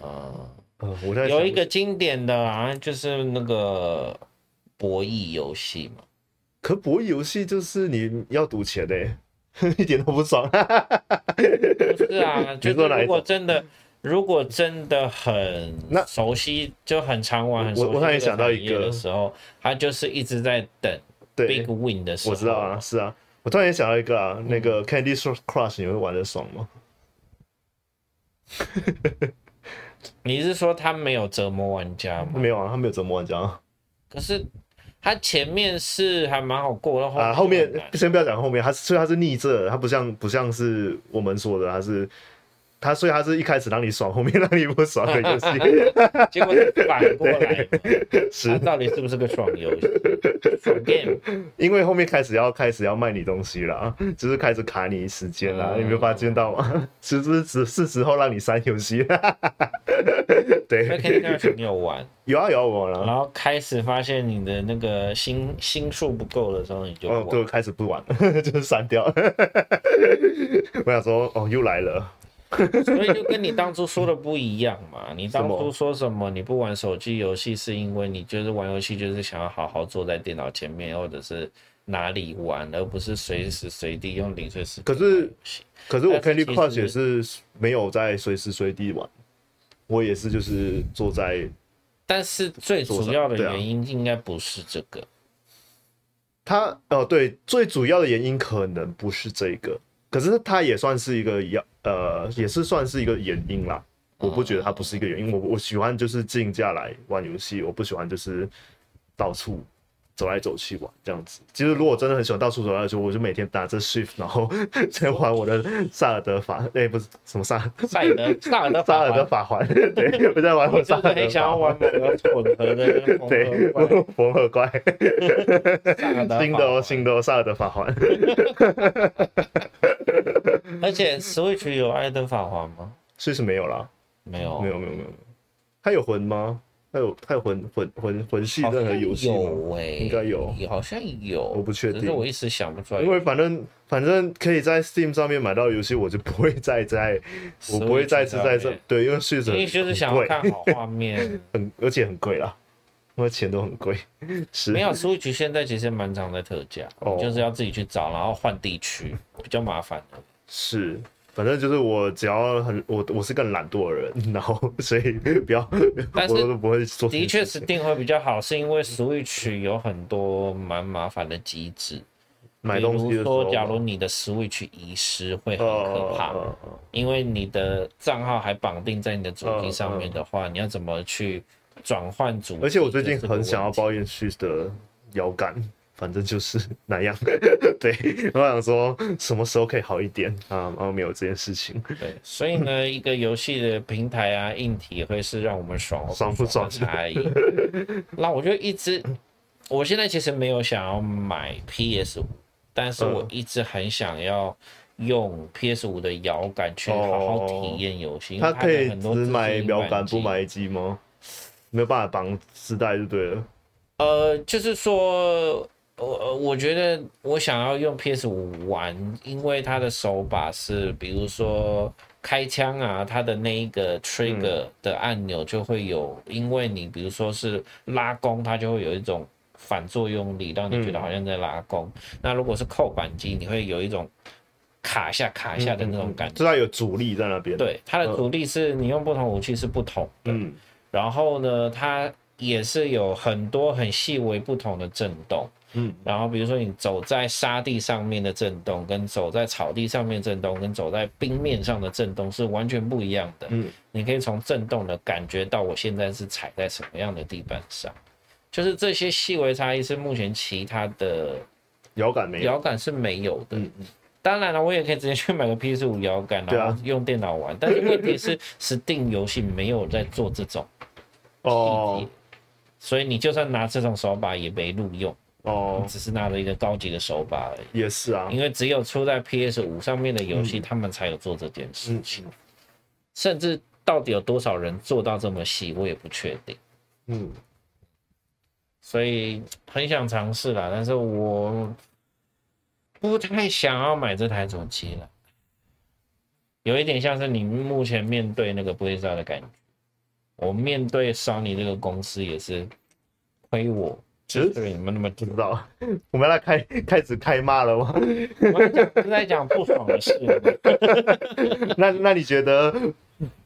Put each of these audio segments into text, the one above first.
呃、嗯、呃，有一個經典的啊，就是那個博弈遊戲嘛。可博弈遊戲就是你要賭錢嘞、欸， 一點都不爽。 不是啊，就是如果真的，如，如果真的很熟悉，就很常玩。很熟悉我我突然想到一個，有的時候他就是一直在等 big win 的時候、啊。我知道啊，是啊，我突然也想到一個啊，嗯、那個 Candy Crush 你會玩得爽嗎？ 你是說他沒有折磨玩家嗎？沒有啊，他沒有折磨玩家。可是他前面是還蠻好過的，後面，啊，後面先不要講後面，他所以他是逆着，他不像不像是我們說的，他是。他所以，他是一開始讓你爽，後面讓你不爽的遊戲。 結果反過來，是、啊、到底是不是個爽遊戲？ 爽 game？因為後面開始要開始要賣你東西了，就是開始卡你時間了、嗯。你沒有發現到嗎？是是是是，是時候讓你刪遊戲哈哈哈哈哈對，那可以跟朋友玩，有啊有啊玩了、啊。然後開始發現你的那個心心數不夠的時候，你就哦，對開始不玩了， 就是刪刪掉。 我想說，哦，又來了。 所以就跟你當初說的不一樣嘛。你當初說什麼，什麼你不玩手機遊戲，是因為你就是玩遊戲就是想要好好坐在電腦前面，或者是哪裡玩，而不是隨時隨隨時隨地用零碎時間。可是，可是我 Play Plus 是，也是沒有在隨時隨地玩。我也是，就是坐在。但是最主要的原因應該不是這個。啊、他哦，對，最主要的原因可能不是這個。可是他也算是一個一樣，呃，也是算是一個原因啦。我不覺得他不是一個原因，oh. 我我喜歡就是靜下來玩遊戲，我不喜歡就是到處。走來走去玩這樣子，其實如果我真的很喜歡到處走來走，我就每天打著 shift，然後在玩我的薩爾德法，那、欸、不是什麼薩薩爾薩爾德薩爾德法環，我在玩。真的 很想要玩某個混的，的對混合怪， 新的、哦、新的薩、哦、爾德法 而且 switch 有艾登法環嗎？確實沒有了，沒有沒有沒有沒有沒有，它有魂嗎？還有，太魂魂魂魂系任何遊戲，有、欸、應該有，有，好像有，我不確定，因為我一時想不出來。因為反正反正可以在 Steam 上面買到遊戲，我就不會再，再在，我不會再在這對，因為續作，因為就是想要看好畫面， 很而且很貴啦，因為錢都很貴，是。沒有 Switch 現在其實蠻常在特價，哦、就是要自己去找，然後換地區，比較麻煩的。是。反正就是我，只要很我，我是個懶惰的人，然後所以不要，但是 我都不會說。的確，實體會比較好，是因為 Switch 有很多蠻麻煩的機制，買東西的時候，比如說，假如你的 Switch 遺失會很可怕，呃、因為你的賬號還綁定在你的主機上面的話、呃呃，你要怎麼去轉換主機？而且我最近很想要抱怨 Switch 的搖桿。反正就是那樣的， 對。我想說什麼時候可以好一點啊？然後沒有這件事情，對。所以呢， 一個遊戲的平台啊，硬體會是讓我們爽，爽不爽差 那我就一直，我現在其實沒有想要買 PS 五、嗯，但是我一直很想要用 PS 五的搖桿去好好體驗遊戲。呃、因為它可以只是買,買一搖桿不買機嗎？沒有辦法綁磁帶就對了、嗯。呃，就是說。我我覺得我想要用 PS 五玩，因為它的手把是，比如說開槍啊，它的那一個 trigger 的按鈕就會有，因為你比如說是拉弓，它就會有一種反作用力，讓你覺得好像在拉弓。嗯、那如果是扣扳機，你會有一種卡下卡下的那種感覺，嗯嗯嗯，知道有阻力在那邊。對，它的阻力是你用不同武器是不同的。的、嗯。然後呢，它。也是有很多很細微不同的震動，嗯，然後比如說你走在沙地上面的震動，跟走在草地上面震動，跟走在冰面上的震動是完全不一樣的，嗯，你可以從震動的感覺到我現在是踩在什麼樣的地板上，就是這些細微差異是目前其他的搖桿沒有搖桿是沒有的，嗯嗯，當然了，我也可以直接去買個 PS5 搖桿，然後用電腦玩，啊、 但是問題是，Steam 遊戲沒有在做這種，哦。所以你就算拿這種手把也沒錄用哦，oh, 只是拿了一個高級的手把而已。也是啊，因為只有出在 PS 五上面的遊戲、嗯，他們才有做這件事情、嗯。甚至到底有多少人做到這麼細，我也不確定。嗯，所以很想嘗試啦，但是我不太想要買這台主機了，有一點像是你目前面對那個 Blade 三的感覺。我面對索尼這個公司也是虧我，對你們那麼聽不知道？我們要來開開始開罵了嗎？ 我們在講不爽的事。 那那你覺得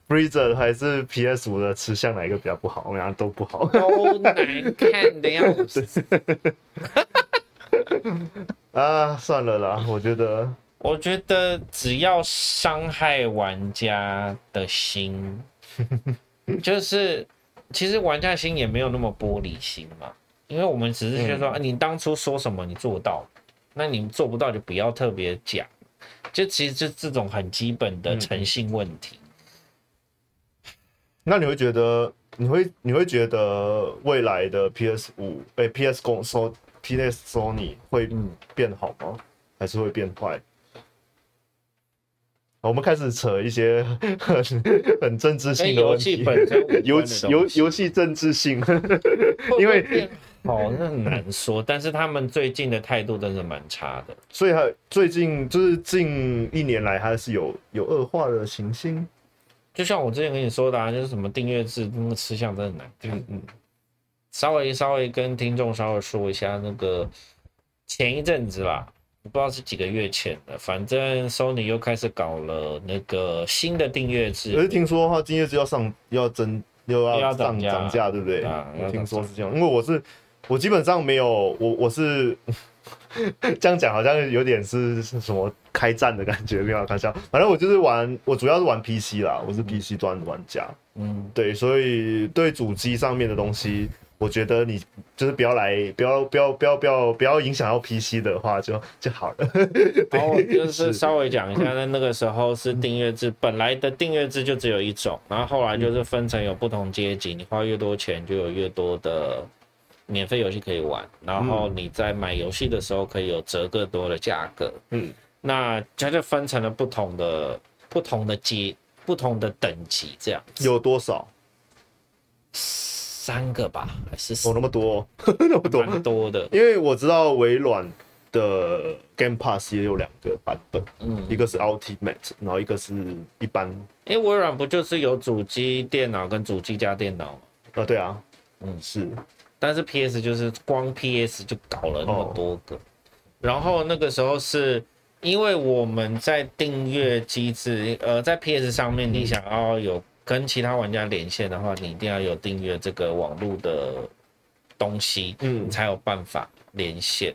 ，Freezer 還是 PS 五的吃相哪一個比較不好？我們倆都不好，好， 難看的樣子。 啊，算了啦，我覺得，我覺得只要傷害玩家的心。 嗯、就是，其實玩家心也沒有那麼玻璃心嘛，因為我們只是就是說、嗯啊，你當初說什麼你做到，那你做不到就不要特別講，就其實就是這種很基本的誠信問題、嗯。那你會覺得，你會你會覺得未來的 PS 五、欸、被 PS 公說 PS Sony 會變好嗎？嗯、還是會變壞？我們開始扯一些很很政治性的問題，遊戲政治，遊遊戲政治性， 因為好、哦、那很難說。 但是他們最近的態度真的蠻差的，所以最近就是近一年來，他是有有惡化的傾向，就像我之前跟你說的、啊，就是什麼訂閱制，那個吃相真的很難。嗯嗯，稍微稍微跟聽眾稍微說一下，那個前一陣子吧。不知道是幾個月前的，反正 Sony 又開始搞了那個新的訂閱制。可是聽說的話訂閱制要上要增要漲漲價，啊、對不對？啊，聽說是這樣。因為我是我基本上沒有我我是 這樣講，好像有點是什麼開戰的感覺， 沒有開玩笑。反正我就是玩，我主要是玩 PC 啦，我是 PC 端的玩家。嗯，對，所以對主機上面的東西。嗯我覺得你就是不要來，不要不要不要不要不要影響到 PC 的話就，就就好了。 然後就是稍微講一下，在那個時候是訂閱制、嗯，本來的訂閱制就只有一種，然後後來就是分成有不同階級、嗯，你花越多錢就有越多的免費遊戲可以玩，然後你在買遊戲的時候可以有折更多的價格。嗯，嗯那它就分成了不同的不同的階不同的等級，這樣有多少？三個吧，還是，有、哦、那麼多、哦呵呵，那麼多，蠻多的。因為我知道微軟的 Game Pass 也有兩個版本，嗯，一個是 Ultimate，然後一個是一般。哎，微軟不就是有主機、電腦跟主機加電腦嗎？啊、呃，對啊，嗯是。但是 PS 就是光 PS 就搞了那麼多個、哦，然後那個時候是因為我們在訂閱機制，呃，在 PS 上面你想要有。跟其他玩家連線的話，你一定要有訂閱這個網絡的東西，嗯，才有辦法連線。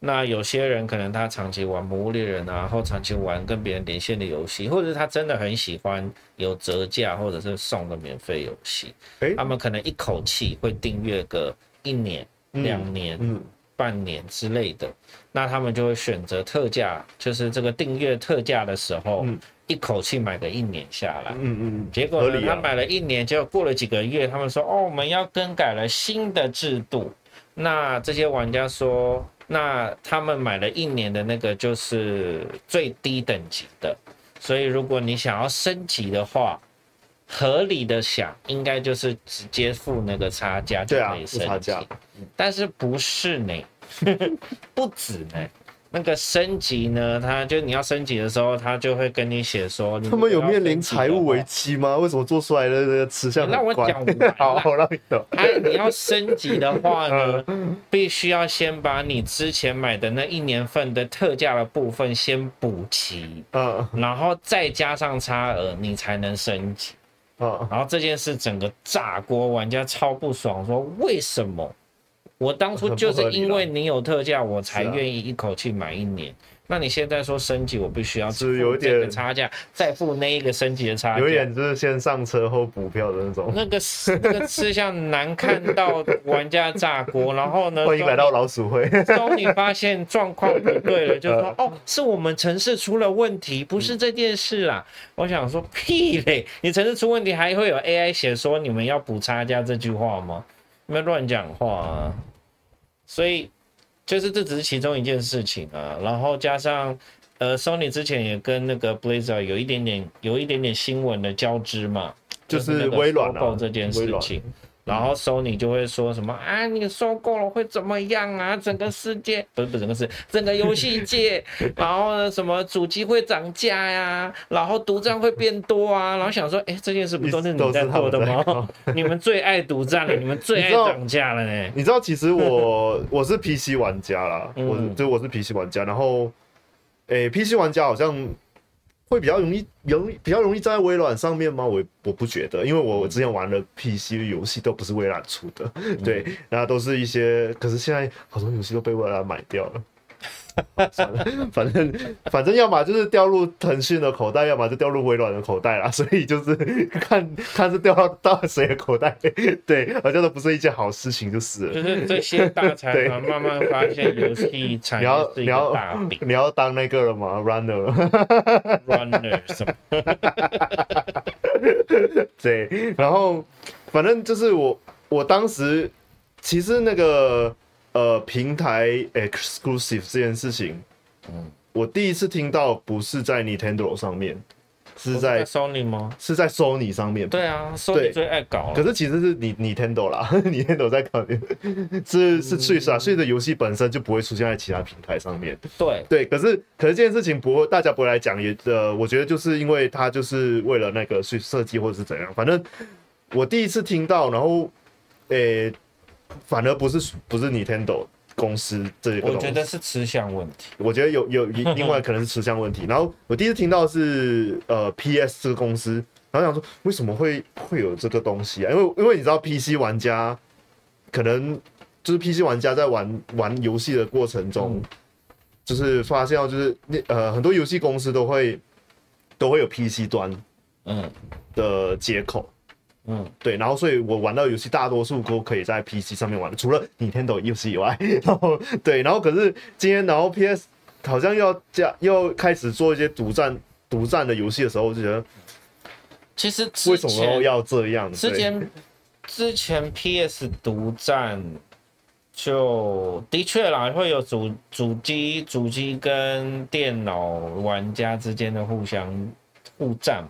那有些人可能他長期玩《魔物獵人》啊，或長期玩跟別人連線的遊戲，或者是他真的很喜歡有折價或者是送的免費遊戲，欸，他們可能一口氣會訂閱個一年、嗯、兩年、嗯、半年之類的，那他們就會選擇特價，就是這個訂閱特價的時候。嗯一口氣買個一年下來，嗯嗯，結果呢、啊，他買了一年，結果過了幾個月，他們說，哦，我們要更改了新的制度。那這些玩家說，那他們買了一年的那個就是最低等級的，所以如果你想要升級的話，合理的想應該就是直接付那個差價就可以升級、啊，但是不是呢？ 不止呢。那個升級呢？他就你要升級的時候，他就會跟你寫說你，他們有面臨財務危機嗎？為什麼做出來的這個、欸、那個吃相那麼怪？ 好，好了，哎、啊，你要升級的話呢，嗯、必須要先把你之前買的那一年份的特價的部分先補齊，嗯，然後再加上差額，你才能升級，嗯，然後這件事整個炸鍋，玩家超不爽，說為什麼？我當初就是因為你有特價，我才願意一口氣買一年、啊。那你現在說升級，我必須要支付這個差價，再付那一個升級的差價。有點就是先上車後補票的那種。那個 那個吃相難看到玩家炸鍋，然後呢，歡迎來到老鼠會。終於發現狀況不對了，就說 哦，是我們城市出了問題，不是這件事啦、啊。我想說屁嘞，你城市出問題還會有 AI 寫說你們要補差價這句話嗎？沒亂講話啊！所以就是這只是其中一件事情啊，然後加上呃，Sony 之前也跟那個 Blizzard 有一點點、有一點點新聞的交織嘛，就是微軟、啊就是、這件事情。然後索尼就會說什麼啊，你收購了會怎麼樣啊？整個世界不是，不是整個世界，整個遊戲界， 然後呢，什麼主機會漲價呀、啊？然後獨佔會變多啊？然後想說，哎，這件事不都，都是你在做的嗎？ 你們最愛獨佔了， 你們最愛漲價了呢？你知道，知道其實我我是 PC 玩家啦。 我就我是 PC 玩家，然後哎 PC 玩家好像。會比較容易，容易比較容易在微軟上面嗎？我我不覺得，因為我我之前玩的 PC 的遊戲都不是微軟出的、嗯，對，那都是一些，可是現在好多遊戲都被微軟買掉了。反正反正，反正要麼就是掉入騰訊的口袋，要麼就掉入微軟的口袋啦。所以就是看看是掉到到誰的口袋，對，我覺得不是一件好事情就，就是。了。是這些大財團慢慢發現，遊戲才是一個大餅，對，你要是要你要當那個了嗎？Runner，Runner，什麼 對，然後反正就是我我當時其實那個。呃，平台 exclusive 這件事情，嗯，我第一次聽到不是在 Nintendo 上面，是在，是在 Sony 嗎？是在 Sony 上面？對啊對，Sony 最愛搞。可是其實是 Nintendo 啦，Nintendo 在搞，是是 Switch 啊，所以的遊戲本身就不會出現在其他平台上面。對對，可是可是這件事情不會，大家不會來講，也呃，我覺得就是因為它就是為了那個去設計或者是怎樣，反正我第一次聽到，然後誒。欸反而不是不是 Nintendo 公司這些，我覺得是吃相問題。我覺得有有另外可能是吃相問題。 然後我第一次聽到是呃 PS 這個公司，然後想說為什麼會會有這個東西啊？因為因為你知道 PC 玩家可能就是 PC 玩家在玩玩遊戲的過程中，嗯、就是發現到就是那呃很多遊戲公司都會都會有 PC 端嗯的接口。嗯嗯，對，然後所以，我玩到的遊戲大多數都可以在 PC 上面玩，除了 Nintendo 遊戲以外。然後，對，然後可是今天，然後 PS 好像又要加，要開始做一些獨佔、獨佔的遊戲的時候，就覺得，其實，為什麼要這樣？之前，之前 PS 獨佔就的確啦，會有主主機、主機跟電腦玩家之間的互相互戰。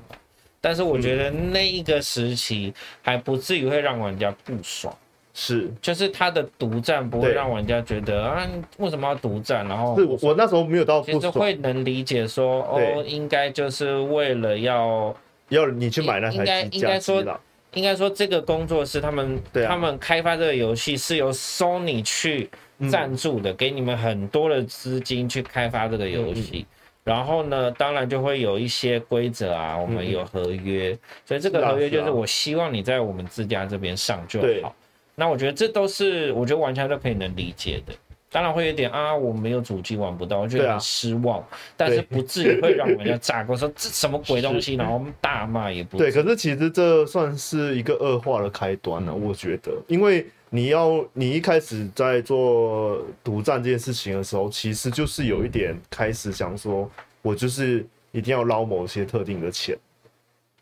但是我覺得那一個時期還不至於會讓玩家不爽，是，就是他的獨占不會讓玩家覺得啊為什麼要獨占，然後是，我那時候沒有到不爽，我就會能理解說，哦，應該就是為了要要你去買那台機器，應該應該說應該說這個工作室他們對、啊、他們開發這個遊戲是由 Sony 去贊助的、嗯，給你們很多的資金去開發這個遊戲。嗯然後呢，當然就會有一些規則啊，我們有合約、嗯，所以這個合約就是我希望你在我們自家這邊上就好。那我覺得這都是我覺得完全都可以能理解的，當然會有點啊，我沒有主機玩不到，我覺得很失望，啊，但是不至於會讓玩家炸鍋、啊、說這什麼鬼東西，然後大罵也不對。可是其實這算是一個惡化的開端了、啊嗯，我覺得，因為。你要你一開始在做獨佔這件事情的時候，其實就是有一點開始想說，我就是一定要撈某些特定的錢。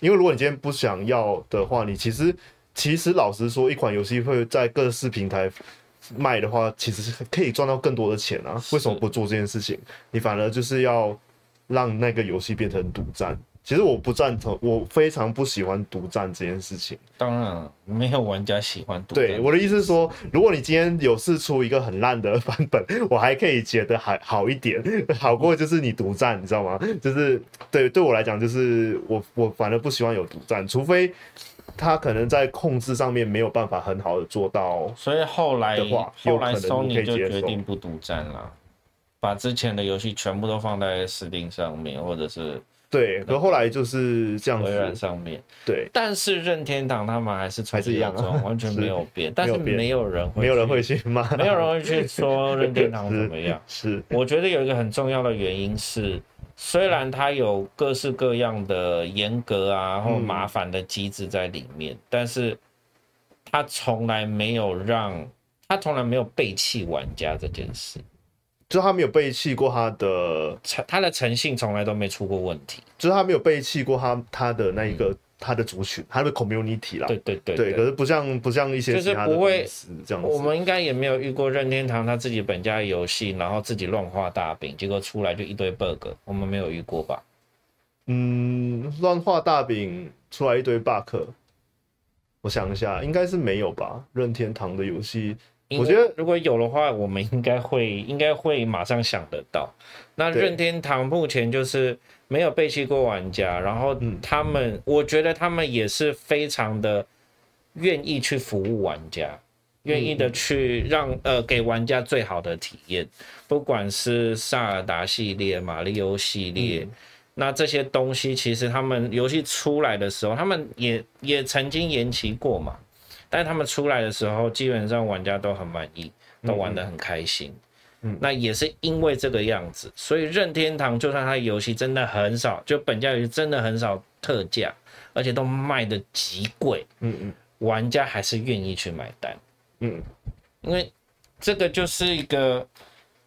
因為如果你今天不想要的話，你其實其實老實說，一款遊戲會在各式平台賣的話，其實是可以賺到更多的錢啊。為什麼不做這件事情？你反而就是要讓那個遊戲變成獨佔。其實我不贊同，我非常不喜歡獨占這件事情。當然，沒有玩家喜歡獨占。對，我的意思是說，如果你今天有釋出一個很爛的版本，我還可以覺得還好一點，好過就是你獨占，你知道嗎？就是對對我來講，就是我我反而不喜歡有獨占，除非他可能在控制上面沒有辦法很好的做到的。所以後來的話，後來索尼、so、就決定不獨占了，把之前的遊戲全部都放在 Steam 上面，或者是。對，可後來就是這樣子。上面，對。但是任天堂他們還是揣着樣裝，完全沒有變。是但是沒有人會沒有人會去罵，沒有人會去說任天堂怎麼樣？ 是、是，我覺得有一個很重要的原因是，雖然他有各式各樣的嚴格啊或麻煩的機制在裡面，嗯、但是他從來沒有讓他從來沒有背棄玩家這件事。就是他沒有背棄過他的誠，他的誠信從來都沒出過問題。就是他沒有背棄過他他的那一個、嗯、他的族群，他的 community 啦。對對對，對，對，對，對，對，可是不像不像一些就是不會這樣子。我們應該也沒有遇過任天堂他自己本家的遊戲，然後自己亂畫大餅，結果出來就一堆 bug。我們沒有遇過吧？嗯，亂畫大餅出來一堆 bug，我想一下，嗯、應該是沒有吧？任天堂的遊戲。我覺得如果有的話，我們應該會應該會馬上想得到。那任天堂目前就是沒有背棄過玩家，然後他們、嗯嗯，我覺得他們也是非常的願意去服務玩家，嗯、願意的去讓呃給玩家最好的體驗。不管是薩爾達系列、馬里歐系列、嗯，那這些東西其實他們遊戲出來的時候，他們也也曾經延期過嘛。但他們出來的時候，基本上玩家都很滿意，都玩得很開心嗯嗯。嗯，那也是因為這個樣子，所以任天堂就算它遊戲真的很少，就本家遊戲真的很少特價，而且都賣得極貴。嗯嗯，玩家還是願意去買單。嗯，因為這個就是一個，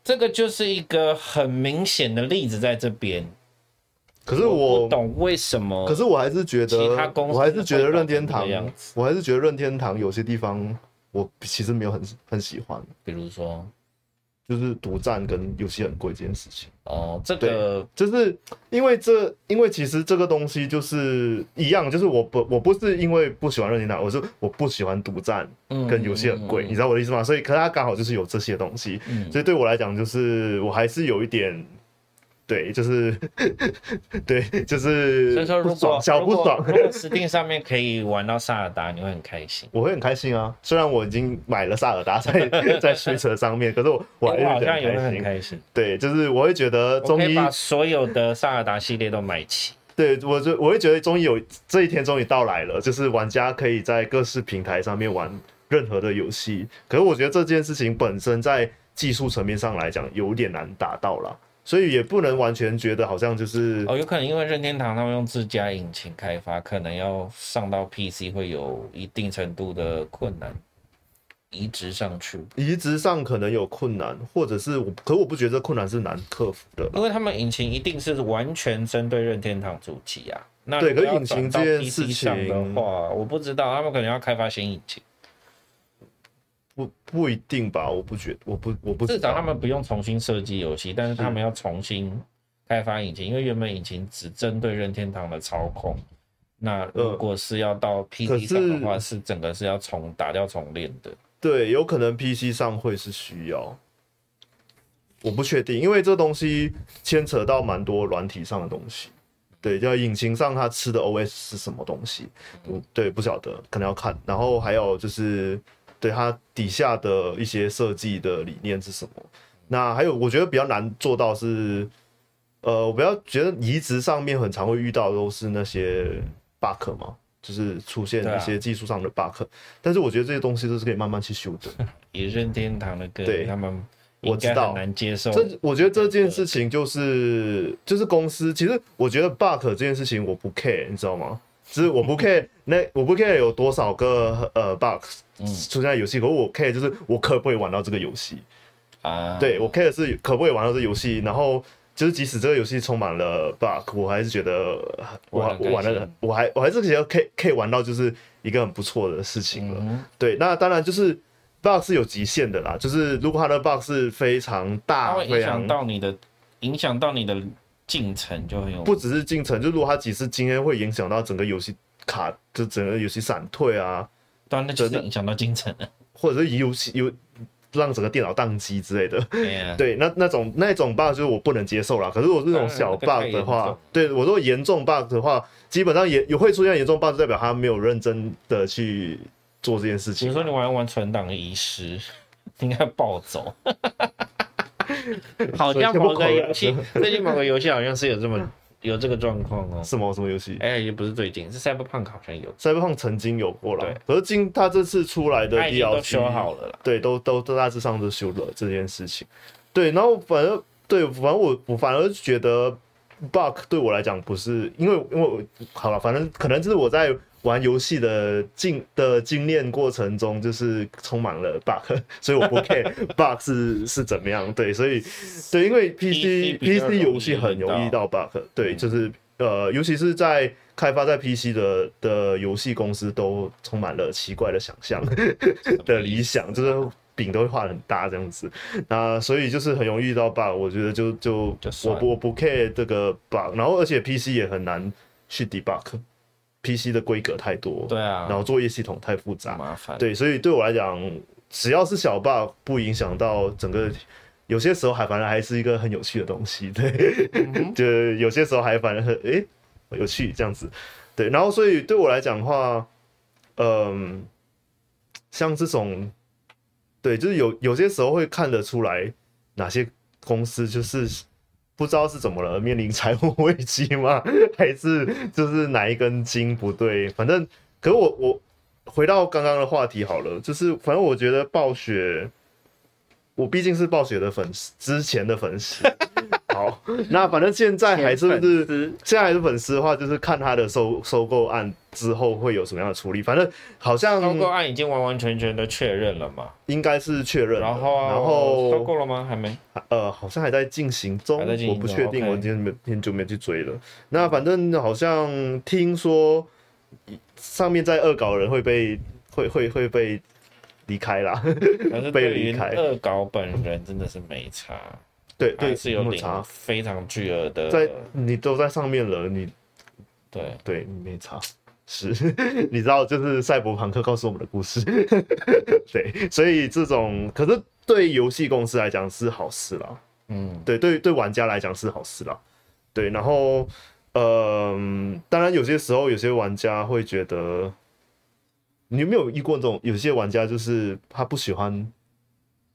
這個就是一個很明顯的例子在這邊。可是我，我不懂為什麼？可是我還是覺得，其他公司公司我還是覺得任天堂，我還是覺得任天堂有些地方我其實沒有很很喜歡，比如說就是獨占跟遊戲很貴這件事情。哦，這個就是因為這，因為其實這個東西就是一樣，就是我不我不是因為不喜歡任天堂，我是我不喜歡獨占跟遊戲很貴，嗯嗯嗯，你知道我的意思嗎？所以，可是他剛好就是有這些東西，嗯、所以對我來講，就是我還是有一點。對，就是，對，就是不爽。所以說，小不爽如，如果 Steam 上面可以玩到薩爾達，你會很開心。 我會很開心啊！雖然我已經買了薩爾達在在 Switch 上面，可是我、 欸、我好像也會很開心。對，就是我會覺得終於把所有的薩爾達系列都買齊。買 對，我就我會覺得終於有這一天終於到來了，就是玩家可以在各式平台上面玩任何的遊戲。可是我覺得這件事情本身在技術層面上來講有點難達到了。所以也不能完全覺得好像就是哦，有可能因為任天堂他們用自家引擎開發，可能要上到 PC 會有一定程度的困難，移植上去，移植上可能有困難，或者是我，可我不覺得困難是難克服的，因為他們引擎一定是完全針對任天堂主機啊。那如果引擎到 PC 上的話，對，我不知道他們可能要開發新引擎。不一定吧，我不覺得，我不，我不知道。至少他們不用重新設計遊戲，但是他們要重新開發引擎，因為原本引擎只針對任天堂的操控。那如果是要到 PC 上的話，呃是，是整個是要重打掉重練的。對，有可能 PC 上會是需要，我不確定，因為這東西牽扯到蠻多軟體上的東西。對，就引擎上它吃的 OS 是什麼東西？嗯、我對，不曉得，可能要看。然後還有就是。對它底下的一些設計的理念是什麼？那還有，我覺得比較難做到是，呃，我不要覺得移植上面很常會遇到的都是那些 bug 嘛，就是出現一些技術上的 bug、啊。但是我覺得這些東西都是可以慢慢去修的。以任天堂的歌，嗯，對，他們應該很難接受。這我覺得這件事情就是，這個、歌歌就是公司，其實我覺得 bug 這件事情我不 care，你知道嗎？就是我不 care，那、嗯、我不 care 有多少個呃 bug 出現在遊戲，可是我 care 就是我可不可以玩到這個遊戲啊？對，我 care 是可不可以玩到這遊戲、嗯，然後就是即使這個遊戲充滿了 bug，我還是覺得我我，我玩很，我還我還是覺得可以可以玩到就是一個很不錯的事情了、嗯。對，那當然就是 bug 是有極限的啦，就是如果他的 bug 是非常大，會影響到你的，影響到你的。進程就會有，不只是進程，就如果他幾次經驗會影響到整個遊戲卡，就整個遊戲閃退啊，當然那只是影響到進程，或者是遊戲有讓整個電腦宕機之類的。對、啊對，那那種那種 bug 就是我不能接受啦。可是我這是那種小 bug 的話，對、啊那個，對我如果嚴重 bug 的話，基本上也也會出現嚴重 bug，就代表他沒有認真的去做這件事情、啊。比如說你玩玩存檔遺失，應該暴走。 好像某個遊戲，最近某個遊戲好像是有這麼 有這個狀況哦。是某什麼遊戲？哎、欸，也不是最近，是 Cyberpunk 好像有，Cyberpunk 曾經有過了。而今他這次出來的 DLC 他修好了，對，都都都大致上都修了這件事情。對，然後反正對，反正我我反而覺得 bug 對我來講不是，因為因為我好了，反正可能就是我在。玩遊戲的，的經的經驗過程中，就是充滿了 bug，所以我不 care bug 是 是，是怎麼樣。對，所以對，因為 P C P C 遊戲很容易遇到 bug，、嗯、對，就是呃，尤其是在開發在 P C 的的遊戲公司，都充滿了奇怪的想象、啊、的理想，就是餅都會畫很大這樣子。那所以就是很容易遇到 bug，我覺得就就，就我不我不 care 這個 bug，然後而且 P C 也很難去 debug。P C 的規格太多，對啊，然後作業系統太複雜，麻煩，對，所以對我來講，只要是小 bug，不影響到整個、嗯，有些時候還反而還是一個很有趣的東西，對，嗯、 就有些時候還反而很誒有趣這樣子，對，然後所以對我來講的話，嗯，像這種，對，就是有有些時候會看得出來哪些公司就是。不知道是怎麼了，面臨財務危機嗎？還是就是哪一根筋不對？反正，可是我回到剛剛的話題好了，就是反正我覺得暴雪，我畢竟是暴雪的粉絲，之前的粉絲。 好，那反正現在還是不是，現在還是粉絲的話，就是看他的收收購案之後會有什麼樣的處理。反正好像收購案已經完完全全的確認了嘛，應該是確認。然後，啊，然後收購了嗎？還沒。呃，好像還在進行中，我不確定，OK、我很久很久沒去追了。那反正好像聽說上面在惡搞的人會被會會會被離開啦，被離開。惡搞本人真的是沒差。 對對，是有點差，非常巨額的，你在你都在上面了，你對對，對你沒差，是 你知道，就是賽博朋克告訴我們的故事， 對，所以這種可是對遊戲公司來講是好事了，嗯，對，對對，玩家來講是好事了，對，然後，嗯、呃，當然有些時候有些玩家會覺得，你有沒有遇過這種？有些玩家就是他不喜歡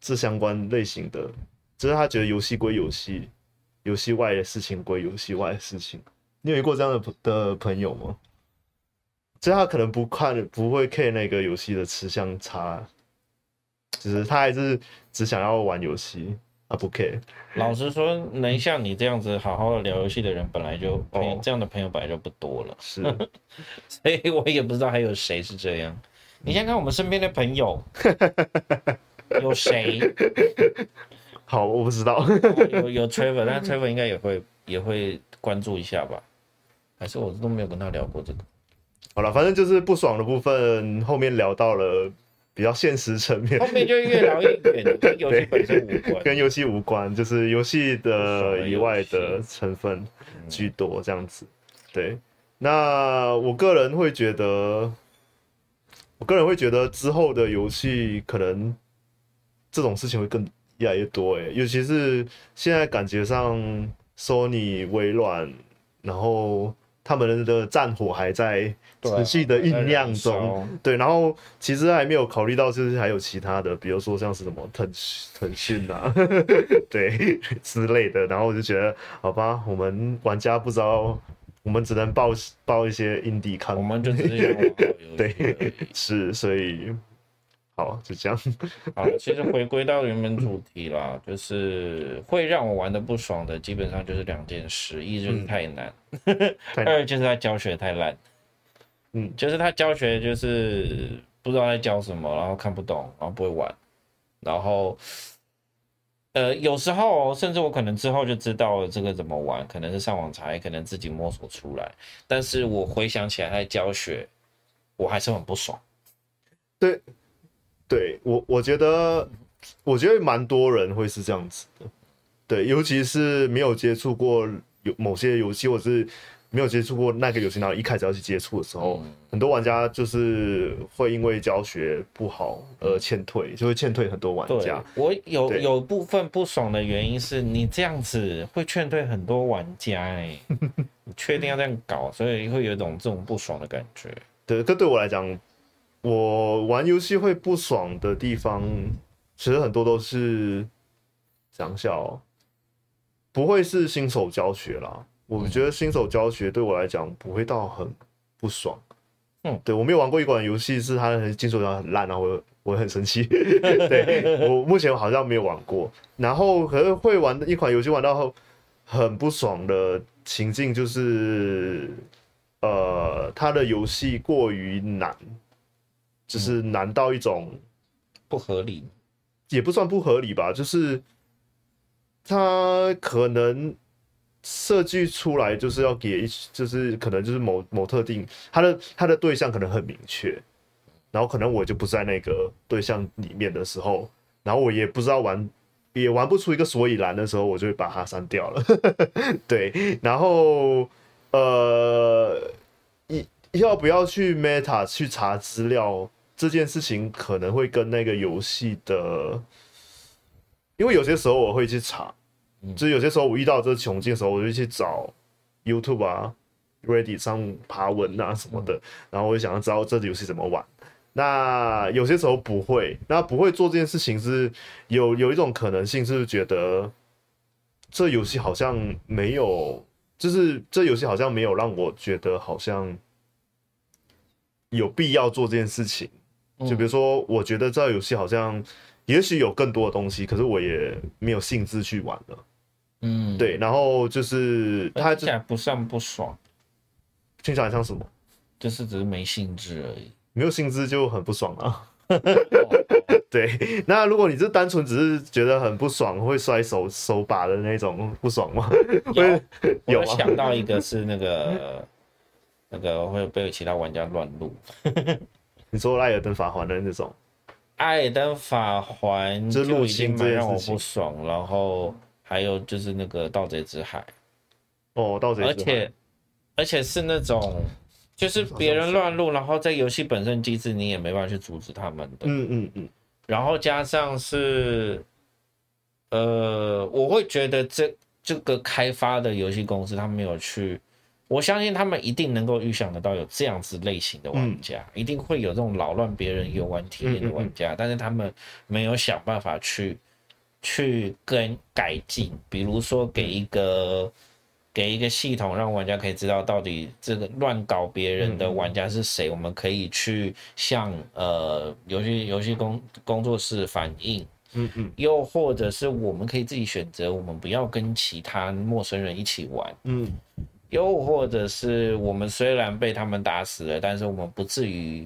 這相關類型的。就是他覺得遊戲歸遊戲，遊戲外的事情歸遊戲外的事情。你有過這樣的的朋友嗎？就是他可能不看，不會 care 那個遊戲的吃相差，只，就是他還是只想要玩遊戲啊，不 care。老實說，能像你這樣子好好的聊遊戲的人，本來就，oh. 這樣的朋友本來就不多了。是， 所以我也不知道還有誰是這樣。你先看我們身邊的朋友， 有誰？好，我不知道， 有有 Trevor，但是 Trevor 應該也會也會關注一下吧，還是我都沒有跟他聊過這個。好了，反正就是不爽的部分，後面聊到了比較現實層面。後面就越聊越遠， 跟遊戲本身無關，跟遊戲無關，就是遊戲的以外的成分居多這樣子，嗯。對，那我個人會覺得，我個人會覺得之後的遊戲可能這種事情會更。越來越多哎、欸，尤其是現在感覺上 Sony，索尼微軟，然後他們的戰火還在持續的醞釀中對，對，然後其實還沒有考慮到，就是還有其他的，比如說像是什麼騰騰訊啊，是 對之類的，然後我就覺得，好吧，我們玩家不知道，嗯、我們只能報抱一些 indie 看、啊、我們就只是有， 有對，是，所以。好就這樣。 好，其實回歸到原本主題啦， 就是會讓我玩的不爽的，基本上就是兩件事、嗯：一就是太難，太難，二就是他教學太爛。嗯，就是他教學就是不知道在教什麼，然後看不懂，然後不會玩，然後呃，有時候甚至我可能之後就知道了這個怎麼玩，可能是上網查，也可能自己摸索出來。但是我回想起來，他的教學我還是很不爽。對。對我，我覺得，我覺得蠻多人會是這樣子的，對，尤其是沒有接觸過有某些遊戲，或者是沒有接觸過那個遊戲，然後一開始要去接觸的時候，嗯，很多玩家就是會因為教學不好而勸退，嗯，就會勸退很多玩家。我有有部分不爽的原因是你這樣子會勸退很多玩家，欸，哎， 你確定要這樣搞？所以會有一種這種不爽的感覺。對，這對我來講。我玩遊戲會不爽的地方，其實很多都是講笑、喔，不會是新手教學啦，我覺得新手教學對我來講不會到很不爽。嗯，對，我沒有玩過一款遊戲是它的新手教學很爛，然後我我很生氣。對，我目前好像沒有玩過。然後可是會玩的一款遊戲玩到很不爽的情境，就是呃，他的遊戲過於難。就是難到一種、嗯、不合理，也不算不合理吧。就是他可能設計出來就是要給，就是可能就是某某特定他的他的對象可能很明確，然後可能我就不在那個對象裡面的時候，然後我也不知道玩也玩不出一個所以然的時候，我就會把它刪掉了。 對，然後呃，要要不要去 Meta 去查資料？這件事情可能會跟那個遊戲的，因為有些時候我會去查，嗯，就有些時候我遇到這個窘境的時候，我就去找 YouTube 啊，Reddit 上爬文啊什麼的、嗯，然後我就想要知道這個遊戲怎麼玩。那有些時候不會，那不會做這件事情，是有有一種可能性，是覺得這遊戲好像沒有，就是這遊戲好像沒有讓我覺得好像有必要做這件事情。就比如說，我覺得這遊戲好像也許有更多的東西，嗯、可是我也沒有興致去玩了。嗯，對。然後就是，聽起來不算不爽。聽起來像什麼？就是只是沒興致而已。沒有興致就很不爽啊。 對。那如果你是單純只是覺得很不爽，會摔手手把的那種不爽嗎？ 有。 有，有，我有想到一個，是那個 那個會被其他玩家亂錄。 你說艾爾登法環的那種，艾爾登法環就是已經蠻讓我不爽。然後還有就是那個盜賊之海，哦，盜賊之海，而且而且是那種就是別人亂入，然後在遊戲本身機制你也沒辦法去阻止他們的。嗯嗯嗯。然後加上是，呃，我會覺得這這個開發的遊戲公司他沒有去。我相信他們一定能夠預想得到有這樣子類型的玩家，嗯、一定會有這種擾亂別人遊玩體驗的玩家、嗯嗯，但是他們沒有想辦法去去跟改進、嗯，比如說給一個、嗯、給一個系統，讓玩家可以知道到底這個亂搞別人的玩家是誰、嗯，我們可以去向呃遊戲遊戲工工作室反映、嗯嗯，又或者是我們可以自己選擇，我們不要跟其他陌生人一起玩，嗯。嗯又或者是我們雖然被他們打死了，但是我們不至於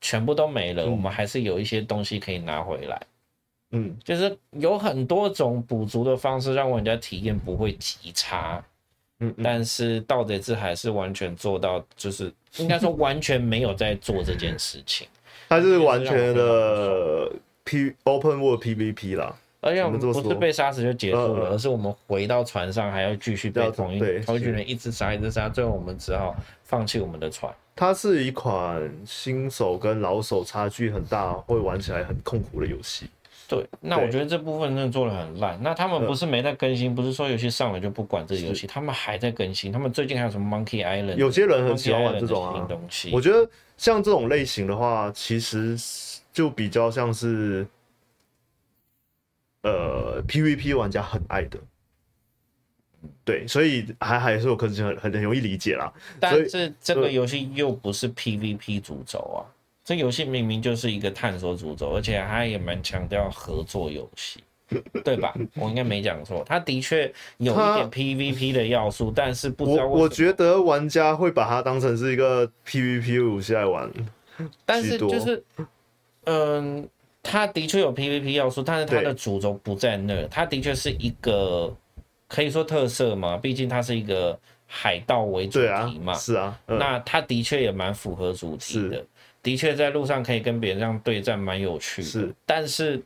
全部都沒了、嗯，我們還是有一些東西可以拿回來。嗯，就是有很多種補足的方式，讓玩家體驗不會極差，嗯嗯嗯。嗯，但是盜賊之海是完全做到，就是應該說完全沒有在做這件事情，它是完全的 P、嗯就是、Open World PVP 啦。而且我們不是被殺死就結束了，而是我們回到船上還要繼續被同一群人一直殺一直殺，最後我們只好放棄我們的船。它是一款新手跟老手差距很大，嗯、會玩起來很痛苦的遊戲。對，那我覺得這部分真的做得很爛。那他們不是沒在更新，不是說遊戲上了就不管這個遊戲，他們還在更新。他們最近還有什麼 Monkey Island？有些人很喜歡玩這種新東西。我覺得像這種類型的話，嗯、其實就比較像是。呃，PVP 玩家很愛的，對，所以還還是我可能很很容易理解啦。但是這個遊戲又不是 PVP 主軸啊，這遊戲明明就是一個探索主軸，而且它也蠻強調合作遊戲， 對吧？我應該沒講錯，它的確有一點 PVP 的要素，但是不知道，我我覺得玩家會把它當成是一個 PVP 遊戲來玩，但是就是，嗯、呃。他的確有 PVP 要素，但是他的主軸不在那兒。他的確是一個可以說特色嘛，畢竟它是一個海盜為主題嘛，對啊，是啊，嗯。那他的確也蠻符合主題的，的確在路上可以跟別人這樣對戰，蠻有趣。是，但是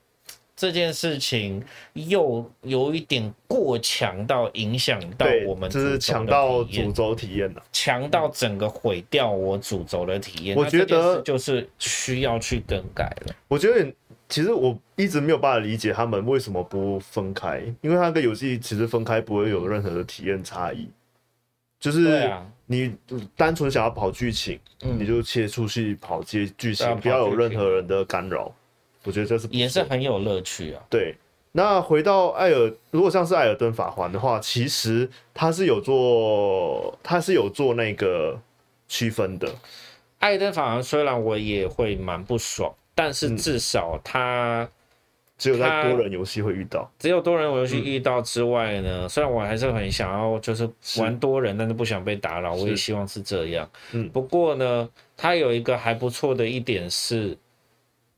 這件事情又有，有一點過強到影響到我們對，就是強到主軸體驗了，強到整個毀掉我主軸的體驗。我覺得就是需要去更改了。我覺得。其實我一直沒有辦法理解他們為什麼不分開，因為他跟遊戲其實分開不會有任何的體驗差異。就是你單純想要跑劇情，啊、你就切出去跑接劇情，嗯劇情啊、不要有任何人的干擾。我覺得這是也是很有樂趣啊。對，那回到艾爾，如果像是艾爾登法環的話，其實他是有做他是有做那個區分的。艾爾登法環雖然我也會蠻不爽。但是至少它、嗯、只有在多人遊戲會遇到，只有多人遊戲遇到之外呢、嗯，雖然我還是很想要就是玩多人，是但是不想被打擾，我也希望是這樣。嗯，不過呢，它有一個還不錯的一點是，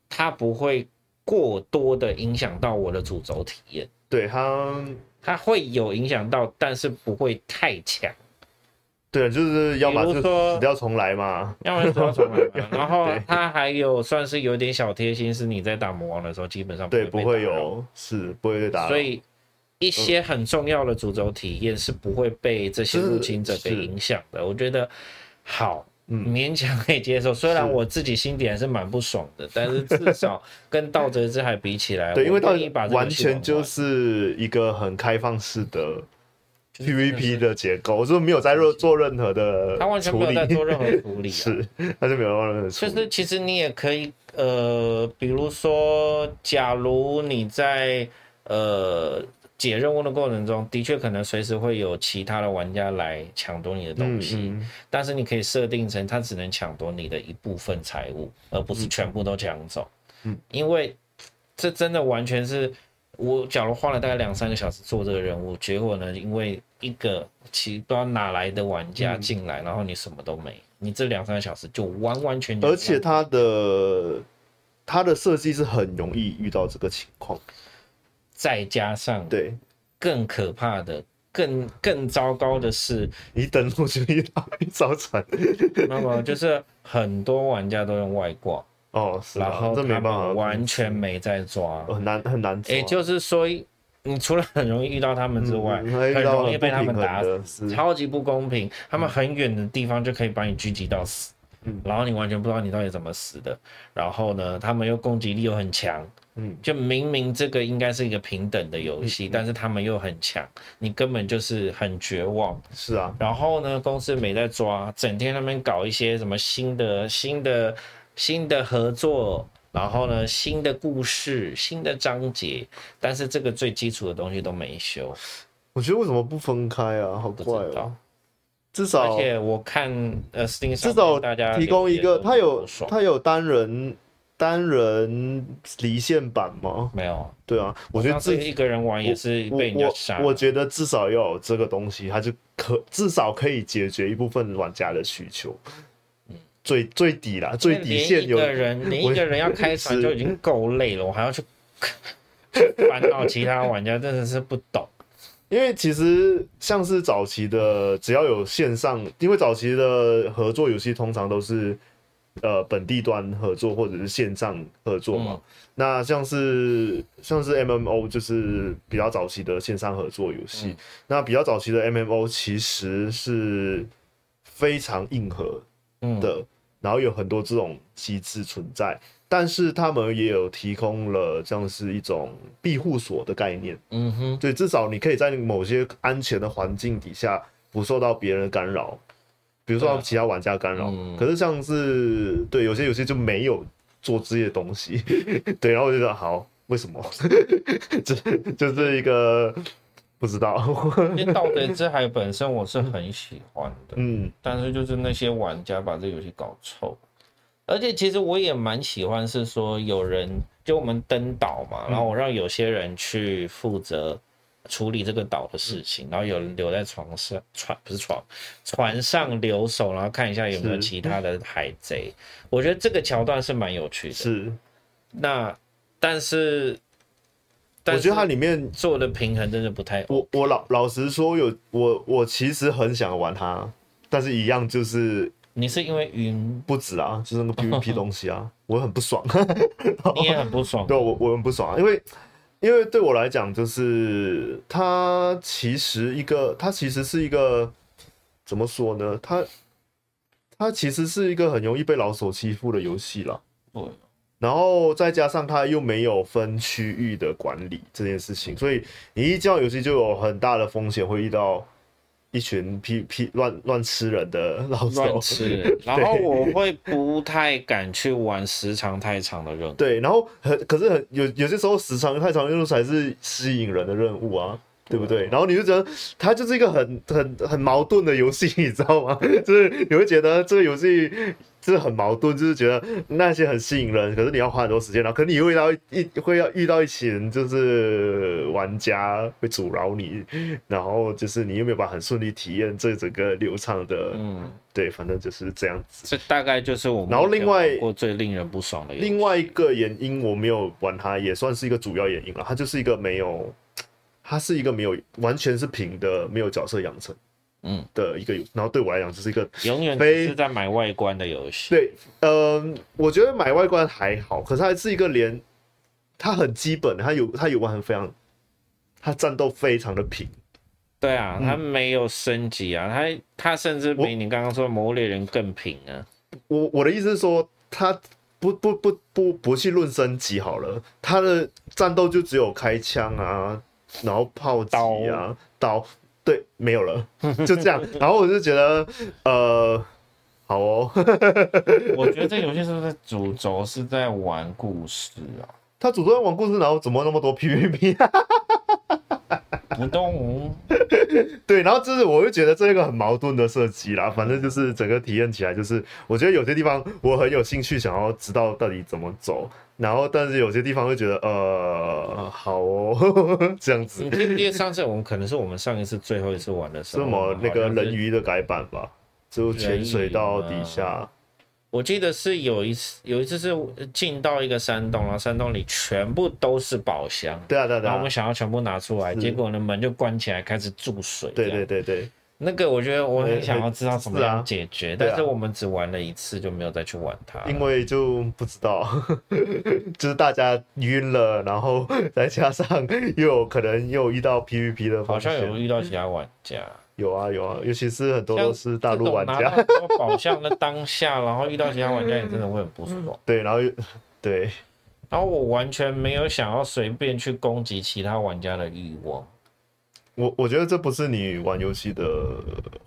它不會過多的影響到我的主軸體驗。對它，它會有影響到，但是不會太強。對，就是要麼說死掉重來嘛，要麼掉重來嘛。 然後他還有算是有點小貼心，是你在打魔王的時候基本上不會對，不會有，是不會被打。所以一些很重要的主軸體驗是不會被這些入侵者給影響的。我覺得好，勉強可以接受，嗯。雖然我自己心底還是蠻不爽的，但是至少跟盜賊之海比起來， 對，對，因為一把完全就是一個很開放式的。PVP、就是、的結構，我是沒有在做做任何的，他完全沒有在做任何處理、啊，是，他就沒有做任何處理。其實，其實你也可以，呃，比如說，假如你在呃解任務的過程中，的確可能隨時會有其他的玩家來搶奪你的東西，但是你可以設定成他只能搶奪你的一部分財物，而不是全部都搶走。因為這真的完全是。我假如花了大概兩三個小時做這個任務，結、嗯、果呢，因為一個極端哪來的玩家進來、嗯，然後你什麼都沒，你這兩三個小時就完完全全完。而且它的它的設計是很容易遇到這個情況，再加上對，更可怕的、更更糟糕的是，嗯、你登錄就一遭慘，那麼就是很多玩家都用外掛。哦，是、啊，然後這沒辦法，完全沒在抓，哦、很難很難。也就是說，你除了很容易遇到他們之外，嗯、很容易被他們打死，超級不公平。他們很遠的地方就可以把你狙擊到死，嗯、然後你完全不知道你到底怎麼死的、嗯。然後呢，他們又攻擊力又很強，嗯，就明明這個應該是一個平等的遊戲、嗯，但是他們又很強，你根本就是很絕望。是啊，然後呢，公司沒在抓，整天他們搞一些什麼新的新的。新的合作，然後呢，新的故事，新的章節，但是這個最基礎的東西都沒修。我覺得為什麼不分開啊？好怪哦，不知道。至少，而且我看呃，上至少大家提供一個，他有他有單人單人離線版嗎？沒有。對啊，我覺得自己一個人玩也是被人家殺我殺。我覺得至少要有這個東西，他就可至少可以解決一部分玩家的需求。最最底啦，最底線的人，你一個人要開船就已經夠累了， 我還要去去煩惱其他玩家， 真的是不懂。因為其實像是早期的，只要有線上，因為早期的合作遊戲通常都是呃本地端合作或者是線上合作嘛，嗯。那像是像是 M M O，就是比較早期的線上合作遊戲，嗯。那比較早期的 M M O 其實是非常硬核的。嗯然後有很多這種機制存在，但是他們也有提供了像是一種庇護所的概念，嗯哼，對，至少你可以在某些安全的環境底下不受到別人的干擾，比如說其他玩家干擾、嗯。可是像是對有些有些就沒有做這些的東西， 對，然後我就覺得：「好，為什麼？這 就是一個。不知道， 因為《盜賊之海》本身我是很喜歡的，嗯，但是就是那些玩家把這遊戲搞臭，而且其實我也蠻喜歡，是說有人就我們登島嘛，然後我讓有些人去負責處理這個島的事情，嗯，然後有人留在床上，船不是床，船上留守，然後看一下有沒有其他的海賊，我覺得這個橋段是蠻有趣的，是，那但是。但我覺得它裡面做的平衡真的不太、OK。我我老老實說有，有我我其實很想玩它，但是一樣就是。你是因為雲不止啊，就是那個 PVP 東西啊， 我很不爽。 你也很不爽、啊。 對，我我很不爽，因為因為對我來講，就是它其實一個，它其實是一個怎麼說呢？它它其實是一個很容易被老手欺負的遊戲了。哦。然後再加上他又沒有分區域的管理這件事情，嗯、所以你一進遊戲就有很大的風險，會遇到一群屁屁亂亂吃人的老鼠亂吃， 然後我會不太敢去玩時長太長的任務。對，然後很可是很有有些時候時長太長的任務才是吸引人的任務啊。對不對，對？然後你就覺得它就是一個很很很矛盾的遊戲，你知道嗎？就是你會覺得這個遊戲就是很矛盾，就是覺得那些很吸引人，可是你要花很多時間，然後可能你會到一,一會要遇到一群就是玩家會阻撓你，然後就是你又沒有辦法很順利體驗這整個流暢的。嗯，對，反正就是這樣子。這大概就是我。然後另外我最令人不爽的另外、另外一個原因，我沒有玩它，也算是一個主要原因了。它就是一個沒有。它是一個沒有完全是平的，沒有角色養成，嗯，的一個、嗯，然後對我來講，只是一個非永遠是在買外觀的遊戲。對，嗯，我覺得買外觀還好，可是它還是一個連它很基本，它有它有關非常，它戰鬥非常的平。對啊、嗯，它沒有升級啊，它它甚至比你剛剛說的《魔獵人》更平啊。我我的意思是說，它不不不不不去論升級好了，它的戰鬥就只有開槍啊。嗯然後炮擊啊刀、，刀，對，沒有了，就這樣。然後我就覺得， 呃，好哦。 我覺得這遊戲是不是在主軸是在玩故事啊？他主軸在玩故事，然後怎麼那麼多 PVP 啊？動 對，然後就是，我就覺得這是一個很矛盾的設計啦。反正就是整個體驗起來，就是我覺得有些地方我很有興趣想要知道到底怎麼走，然後但是有些地方會覺得呃、啊，好哦 這樣子。因為上次我們可能是我們上一次最後一次玩的時候，是 我那個人魚的改版吧，就潛水到底下。我記得是有一次，有一次是進到一個山洞，然後山洞裡全部都是寶箱。對啊對啊。然後我們想要全部拿出來，結果呢門就關起來，開始注水。對對對對。那個我覺得我很想要知道怎麼樣解決對對、啊，但是我們只玩了一次就沒有再去玩它、啊。因為就不知道， 就是大家暈了，然後再加上又有可能又有遇到 PVP 了，好像有遇到其他玩家。 有啊有啊，尤其是很多都是大陸玩家好像那當下， 然後遇到其他玩家也真的會很不爽。對，然後又對，然後我完全沒有想要隨便去攻擊其他玩家的慾望。我我覺得這不是你玩遊戲的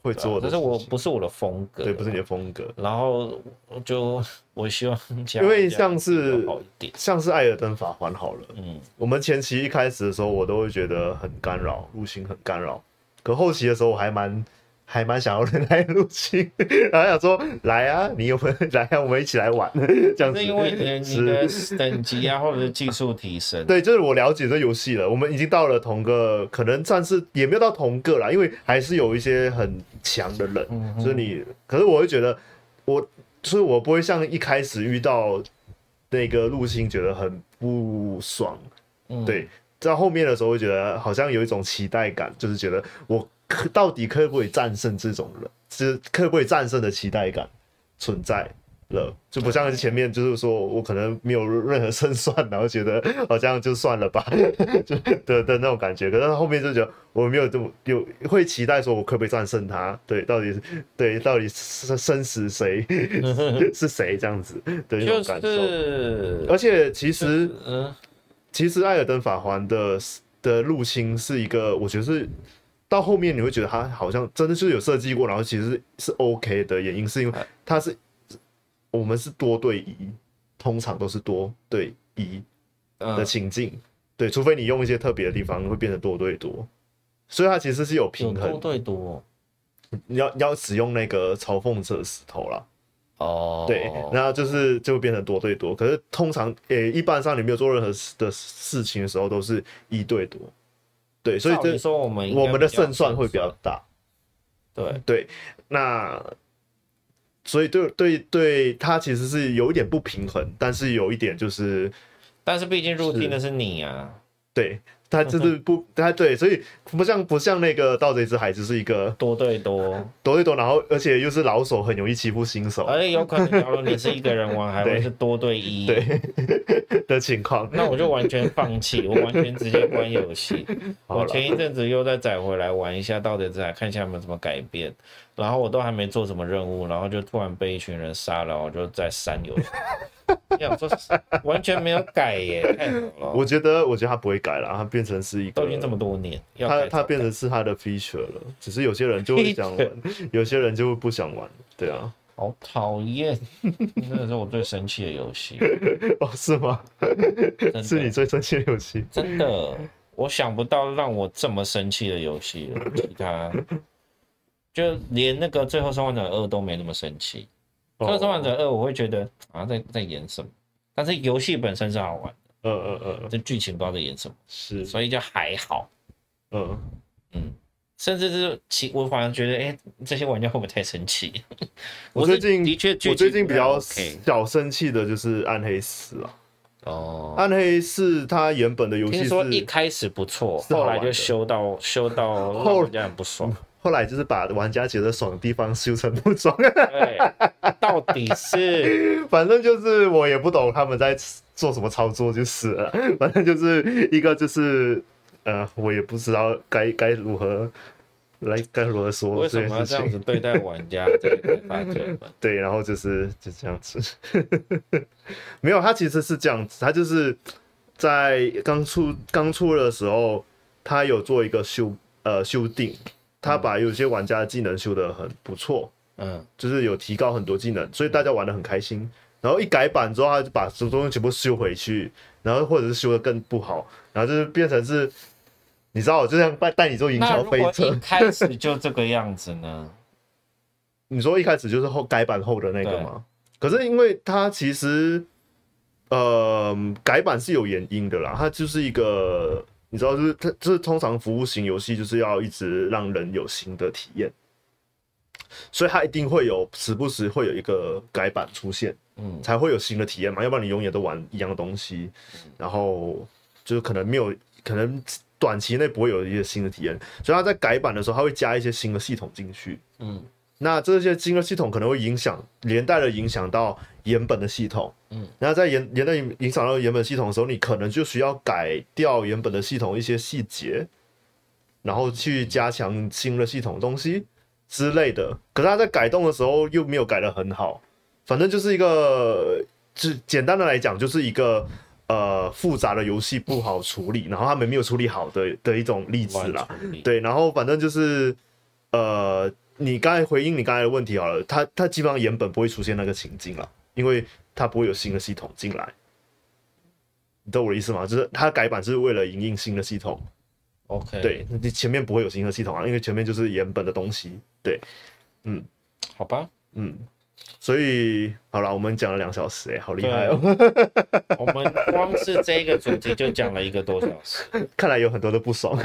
會做的，可是我不是我的風格的，對，不是你的風格。然後就我希望家家的因為像是像是《艾爾登法環》好了，嗯，我們前期一開始的時候，我都會覺得很干擾，入侵很干擾。可後期的時候，我還蠻還蠻想要人來入侵，然後想說來啊，你有沒有來、啊，我們一起來玩這樣子。是因為你的等級啊，是或者是技術提升，對，就是我了解這遊戲了，我們已經到了同個，可能算是也沒有到同個了，因為還是有一些很強的人、嗯，所以你，可是我會覺得我，我所以，我不會像一開始遇到那個入侵覺得很不爽，嗯、對。到後面的時候，會覺得好像有一種期待感，就是覺得我到底可不可以戰勝這種人，就是可不可以戰勝的期待感存在了，就不像前面就是說我可能沒有任何勝算，然後覺得好像就算了吧， 就對，對，那種感覺。可是後面就覺得我沒有這麼有，會期待說我可不可以戰勝他，對，到底對，到底是生死誰 是誰這樣子的一、就是、種感受、嗯。而且其實，嗯。 其實《艾爾登法環》的的入侵是一個，我覺得是到後面你會覺得它好像真的就是有設計過，然後其實是 OK 的原因，是因為它是我們是多對一，通常都是多對一的情境、嗯，對，除非你用一些特別的地方會變得多對多，所以它其實是有平衡有多對多，你要你要使用那個嘲諷者石頭啦。哦，對，然後就是就會變成多對多。可是通常，誒，一般上你沒有做任何事的事情的時候，都是一對多。對，所以你說我們我們的勝算會比較大。對對，那所以對對對，他其實是有一點不平衡，但是有一點就是，但是畢竟入定的是你啊，對。他就是不，他、嗯、對，所以不像不像那個《盜賊之海》，只是一個多對多，多對多，然後而且又是老手，很容易欺負新手。哎、欸，有可能假如你是一個人玩， 還是多對一？對。對 的情況，那我就完全放棄， 我完全直接關遊戲。我前一陣子又再載回來玩一下，到底再看一下有沒有什麼改變。然後我都還沒做什麼任務，然後就突然被一群人殺了，我就再刪遊戲。要不是完全沒有改耶？我覺得我覺得他不會改了，他變成是一個都已經這麼多年，改改他他變成是他的 feature 了，只是有些人就會想玩， 有些人就會不想玩，對啊。好討厭！ 那是我最生氣的遊戲哦，是嗎？是你最生氣的遊戲？真的，我想不到讓我這麼生氣的遊戲了。其他就連那個《最後生還者二》都沒那麼生氣，《最後生還者二》我會覺得、哦、啊，在在演什麼？但是遊戲本身是好玩的，嗯嗯嗯，這劇情不知道在演什麼，是，所以就還好，嗯、呃、嗯。甚至是其，我反而覺得，哎、欸，這些玩家會不會太生氣？我最近 我的確，我最近比較小生氣的就是《暗黑4》啊。哦，《暗黑4》是他原本的遊戲，是一開始不錯，後來就修到修到讓玩家很不爽後。後來就是把玩家覺得爽的地方修成不爽。 對到底是， 反正就是我也不懂他們在做什麼操作，就是了反正就是一個就是。呃，我也不知道該該如何來該如何說。為什麼要這樣子對待玩家？ 對對，對然後就是就這樣子。 沒有，他其實是這樣子，他就是在剛出剛出的時候，他有做一個修呃修訂，他把有些玩家的技能修得很不錯，嗯，就是有提高很多技能，所以大家玩得很開心。然後一改版之後，他就把東西全部修回去，然後或者是修得更不好，然後就是變成是。你知道，就像樣帶帶你坐雲霄飛車，開始就這個樣子呢？ 你說一開始就是後改版後的那個嗎？可是因為它其實，呃，改版是有原因的啦。它就是一個，你知道、就，是它，就是通常服務型遊戲就是要一直讓人有新的體驗，所以它一定會有時不時會有一個改版出現，嗯、才會有新的體驗嘛。要不然你永遠都玩一樣東西，嗯、然後就是可能沒有可能。短期內不會有一些新的體驗，所以他在改版的時候，他會加一些新的系統進去。嗯，那這些新的系統可能會影響，連帶的影響到原本的系統。嗯，那在原、原、帶影響到原本系統的時候，你可能就需要改掉原本的系統一些細節，然後去加強新的系統的東西之類的。可是他在改動的時候又沒有改得很好，反正就是一個，只簡單的來講就是一個。呃，複雜的遊戲不好處理，嗯，然後他們沒有處理好的的一種例子啦，對，然後反正就是，呃，你剛才回應你剛才的問題好了，它它基本上原本不會出現那個情境了，因為它不會有新的系統進來，你懂我的意思嗎？就是它改版就是為了營運新的系統，OK，對你前面不會有新的系統啊，因為前面就是原本的東西，對，嗯，好吧，嗯。所以好了，我們講了兩小時，欸，哎，好厲害哦！我們光是這一個主題就講了一個多小時， 看來有很多的不爽。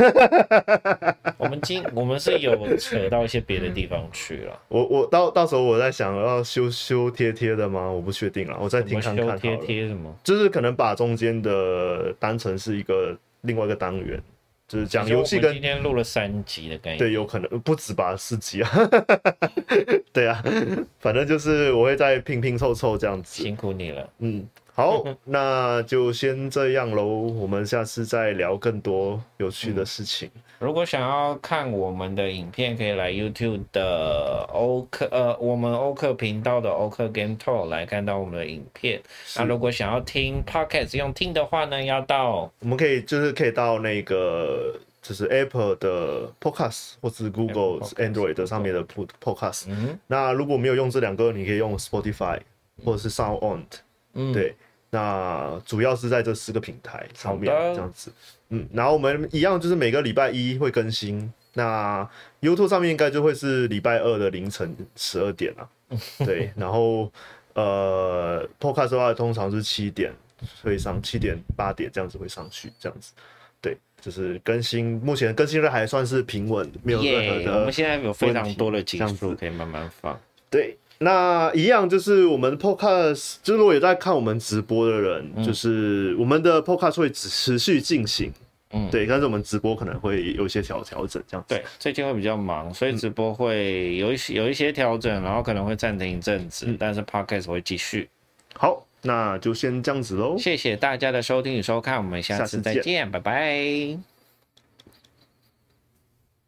我們今我們是有扯到一些別的地方去了，嗯。我我到到時候我在想要修修貼貼的嗎？我不確定了，我再聽看看。貼貼什麼？就是可能把中間的當成是一個另外一個單元。就是講遊戲跟我今天錄了三集的概念。對，有可能不止吧，四集啊， 對啊，反正就是我會再拼拼湊湊這樣子，辛苦你了，嗯。好，那就先這樣嘍。我們下次再聊更多有趣的事情。嗯。如果想要看我們的影片，可以來 YouTube 的歐克呃，我們歐克頻道的歐克 Game Talk 來看到我們的影片。那如果想要聽 Podcast 用聽的話呢，要到我們可以就是可以到那個就是 Apple 的 Podcast 或是 Google Podcast，是 Android 的上面的 Podcast。嗯。那如果沒有用這兩個，你可以用 Spotify 或者是 Sound On。嗯嗯，對，那主要是在這四個平台上面這樣子，嗯，然後我們一樣就是每個禮拜一會更新，那 YouTube 上面應該就會是禮拜二的凌晨十二點了，啊， 對，然後呃，Podcast 的話通常是七點會上，七點八點這樣子會上去，這樣子，對，就是更新，目前更新率還算是平穩，yeah, 沒有任何的。我們現在有非常多的節目可以慢慢放，對。那一樣就是我們的 podcast，就是如果也在看我們直播的人，嗯，就是我們的 podcast 會持續進行，嗯，對，但是我們直播可能會有一些小調整，這樣子對。最近會比較忙，所以直播會有一些有一些調整，嗯，然後可能會暫停一陣子、嗯，但是 podcast 會繼續。好，那就先這樣子嘍。謝謝大家的收聽與收看，我們下次再見，下次見。拜拜。